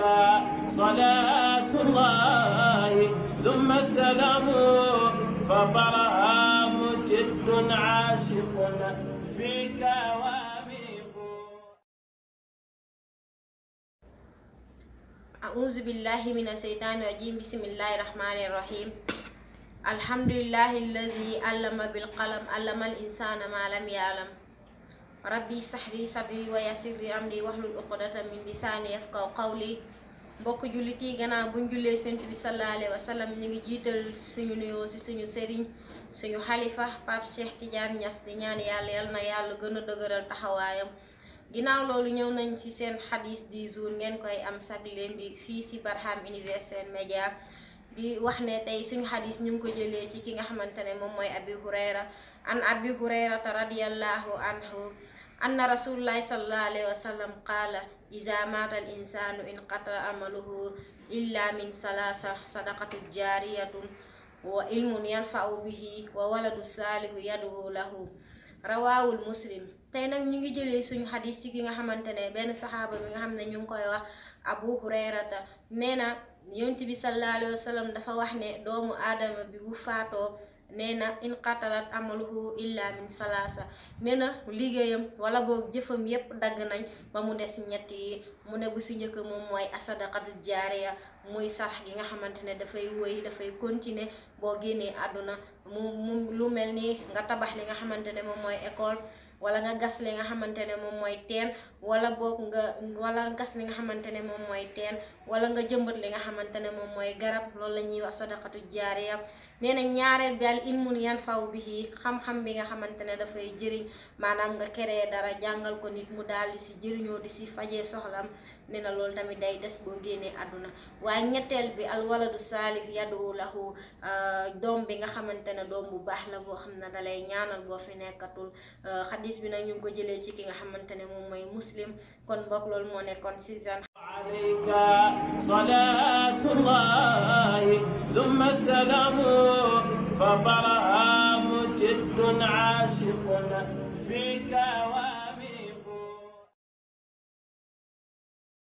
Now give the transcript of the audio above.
عليك صلاة الله ثم السلام فطرها مجد عاشق فيك واميق أعوذ بالله من الشيطان الرجيم بسم الله الرحمن الرحيم الحمد لله الذي علم بالقلم علم الإنسان ما لم يعلم rabbi sahri sadri wa yassirli amri wahlul uqdatan min lisaani yafqahu qawli mbokk jullit yi gannaaw buñ jullee sant bi sallallahu alayhi wa sallam ñu ngi jiital suñu nuyoo si suñu sëriñ suñu xalifa Pape Cheikh Tidiane Niass di ñaan yàlla yal na yàlla gën a dëgëral taxawaayam ginnaaw loolu ñëw nañ ci seen xadis di jour ngeen koy am sag leen di fii si Barham Universel Media di wax ne tey suñu xadis ñu ngi ko jëlee ci ki nga xamante ne moom mooy abi hurayra an abi hurayrata radiallahu anhu anna rasulullahi sallallahu alayhi wa sallam qaala iza maata al insanu inqata amaluhu illa min salaasa sadaqatu jaariyatun wa ilmun yanfa'u bihi wa waladu saalihu yaduhu lahu rawaawul muslim tey nag ñu ngi jëlee suñu xadis ci ki nga xamante ne benn saxaaba bi nga xam ne ñu ngi koy wax abu hurayrata nee yonent bi sallallahu alayhi wa sallam dafa wax ne doomu aadama bi bu faatoo nee na in qatalat amaluhu illa min salaasa nee na liggéeyam wala boo jëfam yépp dagg nañ ba mu des ñett yi mu ne bu si njëkk moom mooy asadaqatu jaariya muy sarax gi nga xamante ne dafay wéy dafay continuer boo génnee àdduna mu mu lu mel ni nga tabax li nga xamante ne moom mooy école wala nga gas li nga xamante ne moom mooy teen wala boog nga wala gas li nga xamante ne moom mooy teen wala nga jëmbat li nga xamante ne moom mooy garab loolu la ñuy wax sadaqatu jaariya nee na al ilmun yan faw bihi xam-xam bi nga xamante ne dafay jëriñ maanaam nga keree dara jàngal ko nit mu daal di si jëriñoo di si fajee soxlam ne na loolu tamit day des boo génnee àdduna waaye ñetteel bi al waladu saalih yadu lahu euh, doom bi nga xamante ne doom bu baax la boo xam ne dalay ñaanal boo fi nekkatul euh, xadis bi nag ñu ko jëlee ci ki nga xamante ne moom mooy muslim kon mbokk loolu moo nekkoon si seen عليك صلاة الله ثم السلام ربنا